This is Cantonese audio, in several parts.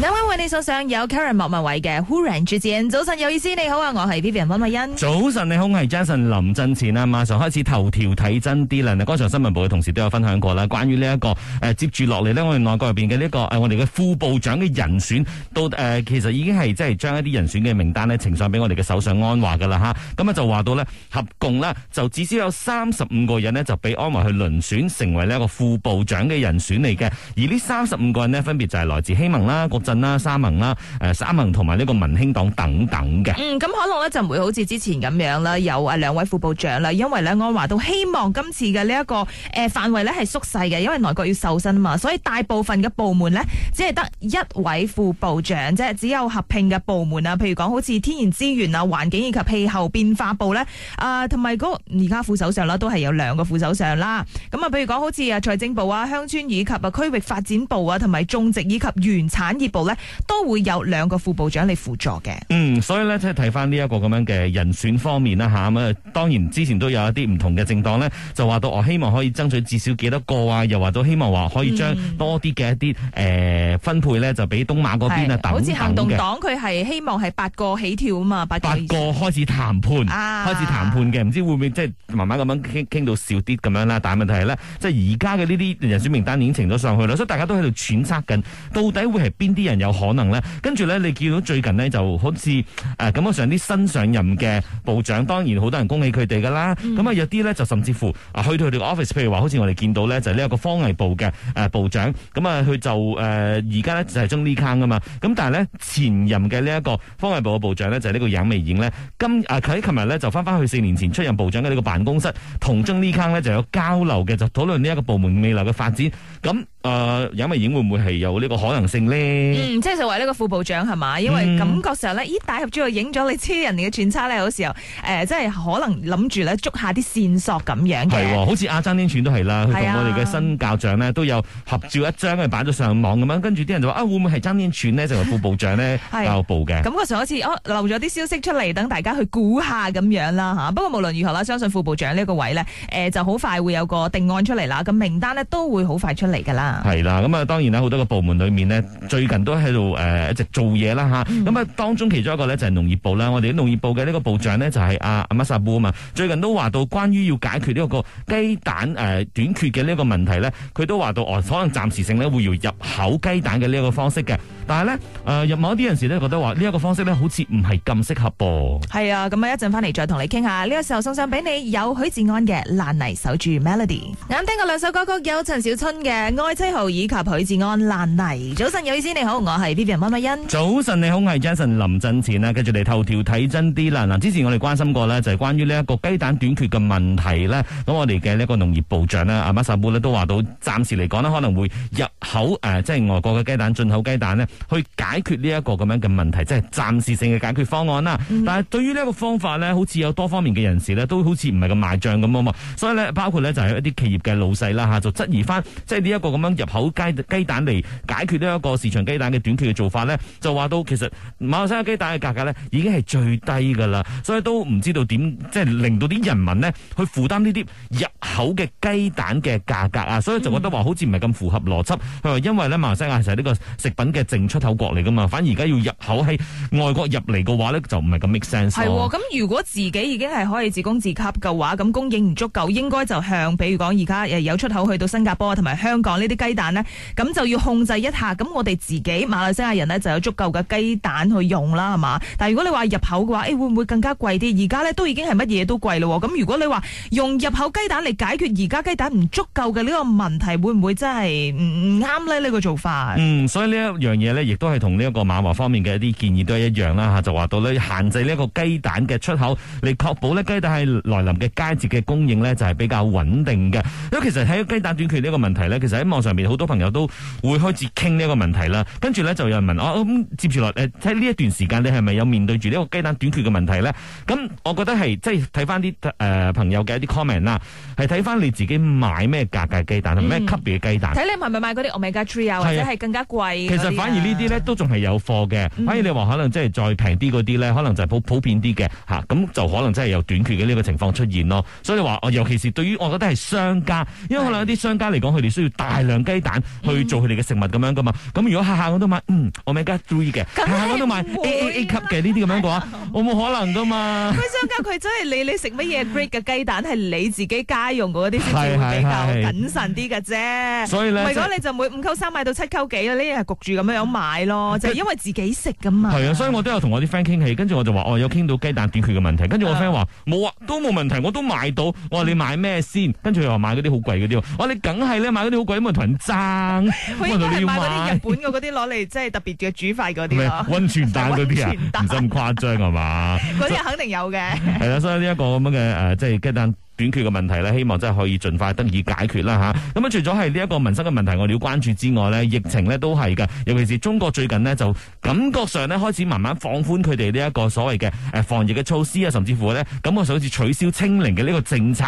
兩位為你送上由 Karen 莫文蔚嘅 Who Ran 主演，早晨有意思，你好啊，我係 Vivian 温慧欣。早晨，你好我係 Jason 林振前啊，馬上開始頭條睇真啲啦。嗱，剛才新聞部嘅同事都有分享過啦、這個，關於呢一個誒，接住落嚟呢，我哋內閣入邊嘅呢個我哋嘅副部長嘅人選，到誒、呃，其實已經係即係將一啲人選嘅名單咧呈,呈上俾我哋嘅首相安華噶啦吓。咁啊就話到呢，合共呢就至少有三十五個人呢，就俾安華去輪選成為呢一個副部長嘅人選嚟嘅。而呢三十五個人呢，分別就係來自希盟啦，啦，三盟啦，誒、啊、三盟同埋呢個民興黨等等嘅。嗯，咁可能呢就唔會好似之前咁樣啦，有啊兩位副部長啦，因為咧安華都希望今次嘅呢一個誒範圍咧係縮細嘅，因為內閣要瘦身啊嘛，所以大部分嘅部門呢只係得一位副部長，即係只有合併嘅部門啊，譬如講好似天然資源啊、環境以及氣候變化部呢，啊、呃，同埋嗰而家副首相啦都係有兩個副首相啦。咁啊，譬如講好似啊財政部啊、鄉村以及啊區域發展部啊，同埋種植以及原產業部。都會有兩個副部長嚟輔助嘅。嗯，所以呢，即係睇翻呢一個咁樣嘅人選方面啦嚇。咁啊，當然之前都有一啲唔同嘅政黨呢，就話到我希望可以爭取至少幾多個啊。又話到希望話可以將多啲嘅一啲誒、嗯呃、分配呢，就俾東馬嗰邊啊等嘅。好似行動黨佢係希望係八個起跳啊嘛，八個，八個開始談判，啊、開始談判嘅。唔知會唔會即係慢慢咁樣傾傾到少啲咁樣啦。但係問題係呢，即係而家嘅呢啲人選名單已經呈咗上去啦，嗯、所以大家都喺度揣測緊，到底會係邊啲人有可能咧，跟住咧，你見到最近呢，就好似誒咁上啲新上任嘅部長，當然好多人恭喜佢哋噶啦。咁啊、嗯嗯，有啲咧就甚至乎啊，去到佢哋個 office，譬如話好似我哋見到咧，就呢、是、一個方毅部嘅、呃、部長，咁、嗯、啊，佢就誒而家咧就係中 l e 㗎 n 噶嘛。咁但係咧前任嘅呢一個方毅部嘅部長咧，就係、是、呢個影微影咧。今啊喺琴日咧就翻返去四年前出任部長嘅呢個辦公室，同中 l e 呢 n 咧就有交流嘅，就討論呢一個部門未來嘅發展。咁、嗯、誒、呃，影美影會唔會係有呢個可能性咧？嗯、即係作為呢個副部長係嘛？因為感覺上呢，咦、嗯，大合照影咗你黐人哋嘅串差咧，有時候誒，即、呃、係可能諗住咧捉下啲線索咁樣、哦、好似阿曾天柱都係啦，佢同、啊、我哋嘅新教長呢，都有合照一張，係擺咗上網咁樣。跟住啲人就話啊，會唔會係曾天串呢？」成為副部長呢，教育部嘅。咁個時候好似哦，留咗啲消息出嚟，等大家去估下咁樣啦嚇。不過無論如何啦，相信副部長呢個位呢，誒、呃、就好快會有個定案出嚟啦。咁名單呢都會好快出嚟㗎啦。係啦，咁、嗯、啊當然啦，好多個部門裡面呢。最近。都喺度誒，一、呃、直做嘢啦吓，咁啊、嗯嗯、當中其中一個咧就係、是、農業部啦。我哋啲農業部嘅呢個部長呢就係阿阿馬薩布啊嘛，最近都話到關於要解決呢個雞蛋誒、呃、短缺嘅呢個問題咧，佢都話到哦、呃，可能暫時性咧會要入口雞蛋嘅呢個方式嘅，但係咧誒，有、呃、某啲人士咧覺得話呢一個方式咧好似唔係咁適合噃。係啊，咁啊一陣翻嚟再同你傾下。呢、這個時候送上俾你有許志安嘅《爛泥守住 Melody》，咁聽過兩首歌曲有陳小春嘅《愛妻號》以及許志安《爛泥》。早晨，有意思你。好，我係 Vivian 麥麥欣。早晨，你好，我係 Jason 林振前啦。繼續嚟，頭條睇真啲啦。嗱，之前我哋關心過咧，就係、是、關於呢一個雞蛋短缺嘅問題咧。咁我哋嘅呢個農業部長啦，阿馬薩布咧都話到，暫時嚟講呢可能會入口誒，即、呃、係、就是、外國嘅雞蛋進口雞蛋呢去解決呢一個咁樣嘅問題，即係暫時性嘅解決方案啦。嗯、但係對於呢一個方法咧，好似有多方面嘅人士咧，都好似唔係咁賣賬咁啊嘛。所以咧，包括咧就係一啲企業嘅老細啦吓，就質疑翻，即係呢一個咁樣入口雞雞蛋嚟解決呢一個市場雞。嘅短缺嘅做法咧，就話到其實馬來西亞雞蛋嘅價格咧已經係最低㗎啦，所以都唔知道點即係令到啲人民呢去負擔呢啲入口嘅雞蛋嘅價格啊，所以就覺得話好似唔係咁符合邏輯。佢話、嗯、因為咧馬來西亞其實係呢個食品嘅淨出口國嚟㗎嘛，反而而家要入口喺外國入嚟嘅話咧就唔係咁 make sense、啊。係喎、哦，咁如果自己已經係可以自供自給嘅話，咁供應唔足夠應該就向，比如講而家有出口去到新加坡同埋香港呢啲雞蛋呢，咁就要控制一下。咁我哋自己自己馬來西亞人呢就有足夠嘅雞蛋去用啦，係嘛？但係如果你話入口嘅話，誒、欸、會唔會更加貴啲？而家呢都已經係乜嘢都貴咯。咁如果你話用入口雞蛋嚟解決而家雞蛋唔足夠嘅呢個問題，會唔會真係唔啱呢？呢、呢個做法嗯，所以呢一樣嘢呢，亦都係同呢一個馬華方面嘅一啲建議都係一樣啦。嚇，就話到咧限制呢一個雞蛋嘅出口，嚟確保呢雞蛋係來臨嘅佳節嘅供應呢，就係、是、比較穩定嘅。因為其實喺雞蛋短缺呢一個問題咧，其實喺網上面好多朋友都會開始傾呢一個問題啦。跟住咧就有人問我咁、哦嗯、接住落誒睇呢一段時間你係咪有面對住呢一個雞蛋短缺嘅問題咧？咁我覺得係即係睇翻啲誒朋友嘅一啲 comment 啦，係睇翻你自己買咩價格雞蛋同咩級別嘅雞蛋。睇、嗯、你係咪買嗰啲 Omega 3啊，是或者係更加貴、啊。其實反而呢啲咧都仲係有貨嘅。嗯、反而你話可能即係再平啲嗰啲咧，可能就普普遍啲嘅嚇，咁、啊、就可能真係有短缺嘅呢個情況出現咯。所以你話尤其是對於我覺得係商家，因為可能一啲商家嚟講，佢哋需要大量雞蛋去做佢哋嘅食物咁樣噶嘛。咁、嗯、如果我都買，嗯，我咪加 three 嘅。我、啊、都買 A A A 級嘅呢啲咁樣嘅話，啊、我冇可能噶嘛。佢相加佢真係你你食乜嘢 break 嘅雞蛋，係你自己家用嗰啲先比較謹慎啲嘅啫。所以呢，唔係你就每五溝三買到七溝幾你呢係焗住咁樣樣買咯，就係因為自己食噶嘛。係啊，所以我都有同我啲 friend 傾氣，跟住我就話，我、哦、有傾到雞蛋的短缺嘅問題。跟住我 friend 話冇啊，都冇問題，我都買到。我話你買咩先？跟住又話買嗰啲好貴嗰啲。我話你梗係咧買嗰啲好貴，因為同人爭。我買啲、嗯、日本啲。我哋即係特別嘅煮飯嗰啲咩？溫泉蛋嗰啲啊，唔使咁誇張係嘛？嗰啲 肯定有嘅以。係啦， 所以呢一個咁樣嘅誒、呃，即係雞蛋。短缺嘅問題咧，希望真係可以盡快得以解決啦嚇。咁啊，除咗係呢一個民生嘅問題，我哋要關注之外咧，疫情咧都係㗎。尤其是中國最近咧，就感覺上咧開始慢慢放寬佢哋呢一個所謂嘅誒防疫嘅措施啊，甚至乎呢，感覺上好似取消清零嘅呢個政策。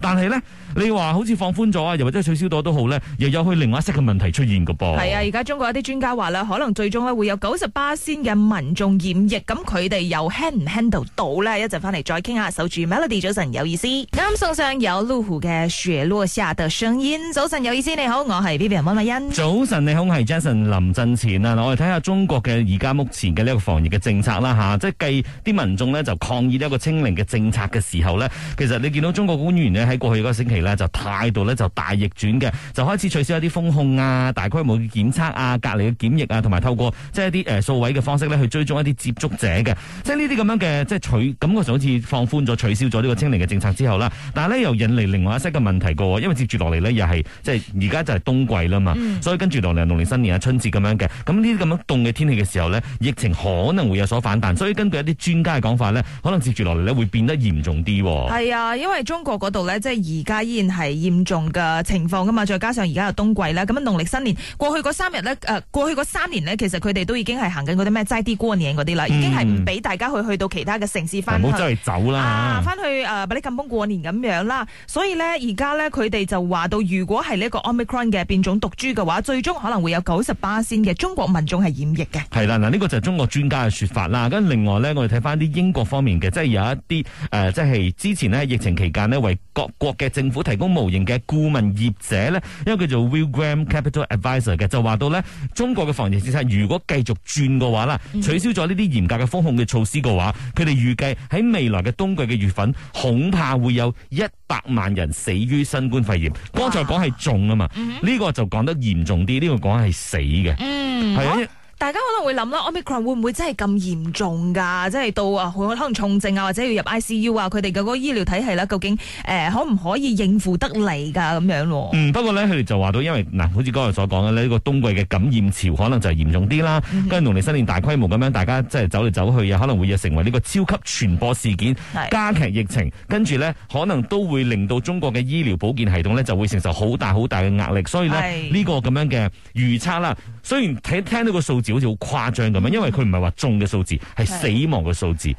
但係呢，你話好似放寬咗啊，又或者取消咗都好呢，又有去另外一式嘅問題出現㗎噃。係啊，而家中國一啲專家話咧，可能最終咧會有九十八仙嘅民眾染疫，咁佢哋又 handle 唔 handle 到呢？一陣翻嚟再傾下，守住 Melody 早晨有意思。嗯、送上有路虎嘅雪落下的聲音。早晨有意思你好，我係呢邊溫文欣。麥麥早晨你好，我係 Jason 林振前啊。我哋睇下中國嘅而家目前嘅呢個防疫嘅政策啦吓、啊，即係計啲民眾呢，就抗議呢一個清零嘅政策嘅時候呢，其實你見到中國官員呢，喺過去嗰個星期呢，就態度呢，就大逆轉嘅，就開始取消一啲封控啊、大規模嘅檢測啊、隔離嘅檢疫啊，同埋透過即係一啲誒數位嘅方式呢，去追蹤一啲接觸者嘅，即係呢啲咁樣嘅即係取感覺好似放寬咗取消咗呢個清零嘅政策之後啦。但係咧又引嚟另外一些嘅問題喎。因為接住落嚟呢，又係即係而家就係冬季啦嘛，嗯、所以跟住落嚟農曆新年啊、春節咁樣嘅，咁呢啲咁樣凍嘅天氣嘅時候呢，疫情可能會有所反彈，所以根據一啲專家嘅講法呢，可能接住落嚟呢會變得嚴重啲。係啊，因為中國嗰度呢，即係而家依然係嚴重嘅情況噶嘛，再加上而家又冬季啦，咁農農曆新年過去嗰三日呢，誒、啊、過去嗰三年呢，其實佢哋都已經係行緊嗰啲咩齋啲觀影嗰啲啦，已經係唔俾大家去去到其他嘅城市翻唔好走啦，翻、嗯啊、去啲近、啊、過年咁樣啦，所以呢，而家呢，佢哋就話到，如果係呢個 omicron 嘅變種毒株嘅話，最終可能會有九十八先嘅中國民眾係染疫嘅。係啦，嗱、這、呢個就係中國專家嘅說法啦。咁另外呢，我哋睇翻啲英國方面嘅，即係有一啲誒、呃，即係之前呢喺疫情期間呢，為各國嘅政府提供模型嘅顧問業者呢，因為叫做 Wigram Capital Advisor 嘅，就話到呢，中國嘅防疫政策如果繼續轉嘅話啦，取消咗呢啲嚴格嘅風控嘅措施嘅話，佢哋、嗯、預計喺未來嘅冬季嘅月份，恐怕會有。一百萬人死於新冠肺炎，剛才講係重啊嘛，呢、嗯、個就講得嚴重啲，呢、呢個講係死嘅，係、嗯。的大家可能會諗啦，Omicron 會唔會真係咁嚴重㗎？即係到啊，可能重症啊，或者要入 ICU 啊，佢哋嗰個醫療體系啦，究竟、呃、可唔可以應付得嚟㗎咁樣？嗯，不過呢，佢哋就話到，因為嗱，好似剛才所講嘅呢個冬季嘅感染潮可能就嚴重啲啦。跟住農曆新年大規模咁樣，大家即係走嚟走去啊，可能會成為呢個超級傳播事件，是加劇疫情，跟住呢，可能都會令到中國嘅醫療保健系統呢，就會承受好大好大嘅壓力。所以呢，呢個咁樣嘅預測啦，雖然睇聽，聽到個數字。好似好誇張咁樣，因為佢唔係話中嘅數字，係死亡嘅數字。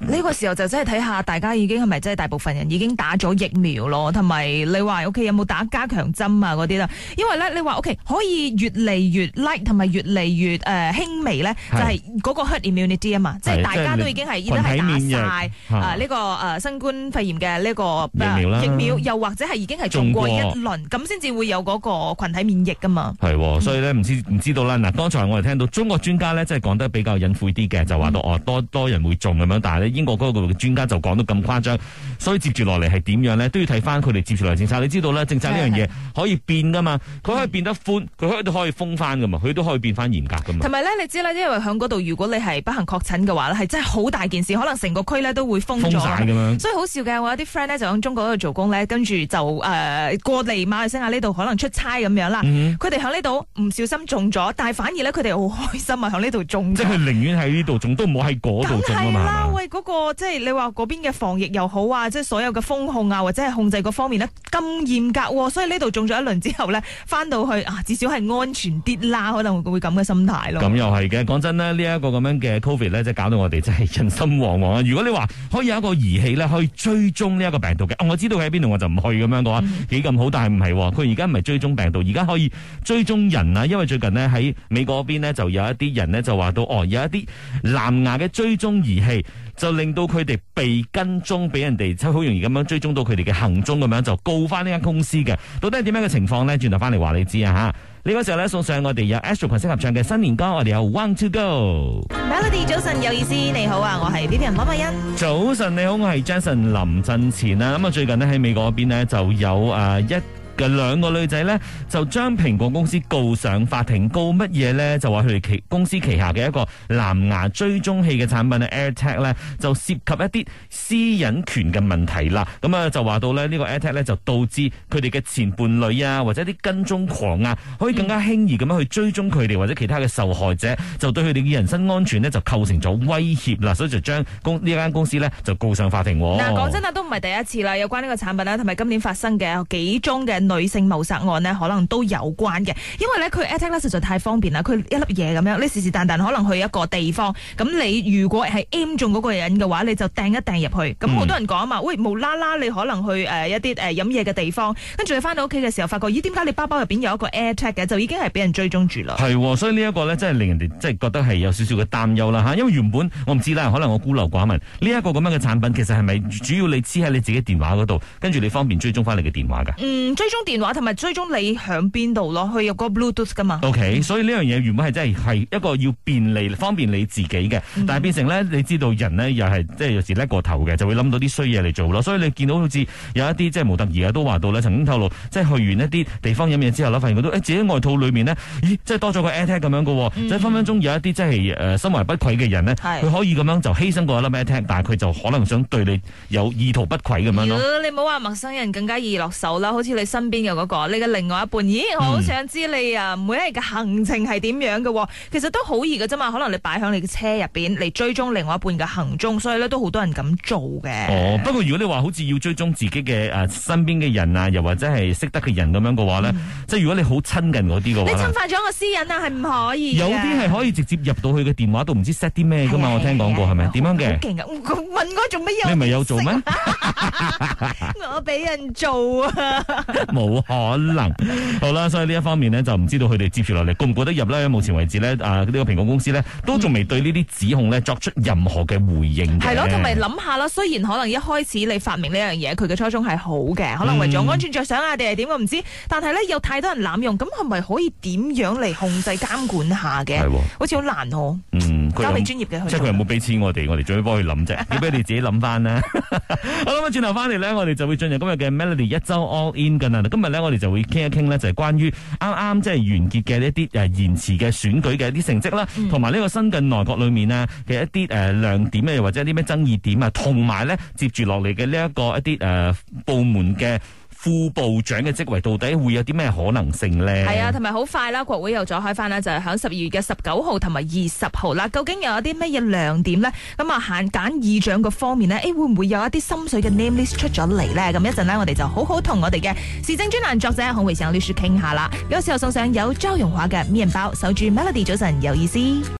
呢、嗯、個時候就真係睇下大家已經係咪真係大部分人已經打咗疫苗咯，同埋你話 O K 有冇打加強針啊嗰啲啦？因為咧你話 O K 可以越嚟越 like 同埋越嚟越誒、呃、輕微咧，是就係嗰個 herd immunity 啊嘛，是即係大家都已經係已經係打晒呢、呃這個誒、呃、新冠肺炎嘅呢、這個疫苗啦，疫苗又或者係已經係中過一輪咁先至會有嗰個群體免疫噶嘛？係、哦，所以咧唔知唔、嗯、知道啦。嗱，剛才我哋聽到中國專家咧，即係講得比較隱晦啲嘅，就話到哦多多人會中咁樣，但係英國嗰個專家就講得咁誇張，所以接住落嚟係點樣咧，都要睇翻佢哋接住落嚟政策。你知道咧，政策呢樣嘢可以變噶嘛，佢可以變得寬，佢的可以封翻噶嘛，佢都可以變翻嚴格噶嘛。同埋咧，你知啦，因為響嗰度，如果你係不幸確診嘅話咧，係真係好大件事，可能成個區咧都會封晒咗。封咁樣，所以好笑嘅，我有啲 friend 咧就響中國嗰度做工咧，跟住就誒、呃、過嚟馬來西亞呢度可能出差咁樣啦。佢哋響呢度唔小心中咗，但係反而咧佢哋好開心啊！響呢度中即係佢寧願喺呢度中，都唔好喺嗰度中啊嘛。吧嗰個即係你話嗰邊嘅防疫又好啊，即係所有嘅封控啊，或者係控制嗰方面呢，咁嚴格，所以呢度中咗一輪之後呢，翻到去啊，至少係安全啲啦，可能會咁嘅心態咯。咁又係嘅，講真呢，呢一個咁樣嘅 Covid 咧，即係搞到我哋真係人心惶惶啊！如果你話可以有一個儀器呢，可以追蹤呢一個病毒嘅，我知道佢喺邊度，我就唔去咁樣嘅話幾咁好，但係唔係，佢而家唔係追蹤病毒，而家可以追蹤人啊。因為最近呢，喺美國嗰邊呢，就有一啲人呢，就話到哦，有一啲藍牙嘅追蹤儀器。就令到佢哋被跟蹤，俾人哋即好容易咁樣追蹤到佢哋嘅行蹤咁樣，就告翻呢間公司嘅，到底係點樣嘅情況呢？轉頭翻嚟話你知啊吓。呢個時候咧送上我哋有 Ashley 群合唱嘅新年歌，我哋有 One To Go。Melody 早晨有意思，你好啊，我係 B B 人馬柏欣。早晨你好，我係 Jason 林振前啊，咁啊最近呢，喺美國嗰邊呢，就有誒一。嘅兩個女仔呢，就將蘋果公司告上法庭，告乜嘢呢？就話佢哋旗公司旗下嘅一個藍牙追蹤器嘅產品 AirTag 呢，就涉及一啲私隱權嘅問題啦。咁啊，就話到咧，呢個 AirTag 呢，就導致佢哋嘅前伴侶啊，或者啲跟蹤狂啊，可以更加輕易咁樣去追蹤佢哋或者其他嘅受害者，就對佢哋嘅人身安全呢，就構成咗威脅啦。所以就將公呢間公司呢，就告上法庭。嗱，講真啊，都唔係第一次啦，有關呢個產品咧，同埋今年發生嘅幾宗嘅女性謀殺案呢，可能都有關嘅，因為呢，佢 AirTag 咧實在太方便啦，佢一粒嘢咁樣，你時時彈彈可能去一個地方，咁你如果係 aim 中嗰個人嘅話，你就掟一掟入去。咁好多人講啊嘛，喂，無啦啦你可能去誒一啲誒飲嘢嘅地方，跟住你翻到屋企嘅時候，發覺咦，點解你包包入邊有一個 AirTag 嘅？就已經係俾人追蹤住啦。係，所以呢一個呢，真係令人哋即係覺得係有少少嘅擔憂啦吓。因為原本我唔知啦，可能我孤陋寡聞。呢、這、一個咁樣嘅產品，其實係咪主要你黐喺你自己電話嗰度，跟住你方便追蹤翻你嘅電話噶？追蹤、嗯。通電話同埋追蹤你響邊度咯，佢有個 Bluetooth 噶嘛？O、okay, K，所以呢樣嘢原本係真係係一個要便利方便你自己嘅，但係變成咧，你知道人咧又係即係有時叻過頭嘅，就會諗到啲衰嘢嚟做咯。所以你見到好似有一啲即係模特兒啊都話到咧，曾經透露即係去完一啲地方飲嘢之後啦，發現到、欸、自己外套裏面呢，咦，即係多咗個 AirTag 咁樣噶、嗯嗯，即係分分鐘有一啲即係誒心懷不軌嘅人呢，佢是可以咁樣就犧牲過一個一粒 AirTag 但係佢就可能想對你有意圖不軌咁樣咯。呃、你唔好話陌生人更加易落手啦，好似你身。邊嘅個，你嘅另外一半，咦，我好想知你啊，每一日嘅行程係點樣嘅？其實都好易嘅啫嘛，可能你擺響你嘅車入邊嚟追蹤另外一半嘅行蹤，所以咧都好多人咁做嘅。哦，不過如果你話好似要追蹤自己嘅誒身邊嘅人啊，又或者係識得嘅人咁樣嘅話咧，即係如果你好親近嗰啲嘅話，你侵犯咗我私隱啊，係唔可以。有啲係可以直接入到去嘅電話都唔知 set 啲咩噶嘛？我聽講過係咪？點樣嘅？好勁啊！問我做乜嘢？你咪有做咩？我俾人做啊！冇 可能，好啦，所以呢一方面呢，就唔知道佢哋接住落嚟，估唔估得入啦。目前為止呢，啊，呢個蘋果公司呢，都仲未對呢啲指控呢作出任何嘅回應。係咯，同埋諗下啦，雖然可能一開始你發明呢樣嘢，佢嘅初衷係好嘅，可能為咗安全着想啊，定係點我唔知。但係呢，有太多人濫用，咁係咪可以點樣嚟控制監管下嘅？的好似好難。嗯嘅即係佢又冇俾錢我哋？我哋仲要幫佢諗啫，要唔要你自己諗翻咧？ 好啦，咁轉頭翻嚟咧，我哋就會進入今日嘅 Melody 一周 All In 噶啦。今日咧，我哋就會傾一傾咧，就係關於啱啱即係完結嘅一啲誒延遲嘅選舉嘅一啲成績啦，同埋呢個新近內閣裏面啊嘅一啲誒亮點啊，或者一啲咩爭議點啊，同埋咧接住落嚟嘅呢一個一啲誒部門嘅。副部長嘅職位到底會有啲咩可能性咧？係啊，同埋好快啦，國會又再開翻啦，就係響十二月嘅十九號同埋二十號啦。究竟又有啲咩嘢亮點咧？咁啊，限揀議長嘅方面咧，誒，會唔會有一啲心水嘅 name list 出咗嚟咧？咁一陣呢，我哋就好好同我哋嘅時政專欄作者孔維祥律師傾下啦。有時候送上有周容華嘅麵包，守住 Melody 早晨有意思。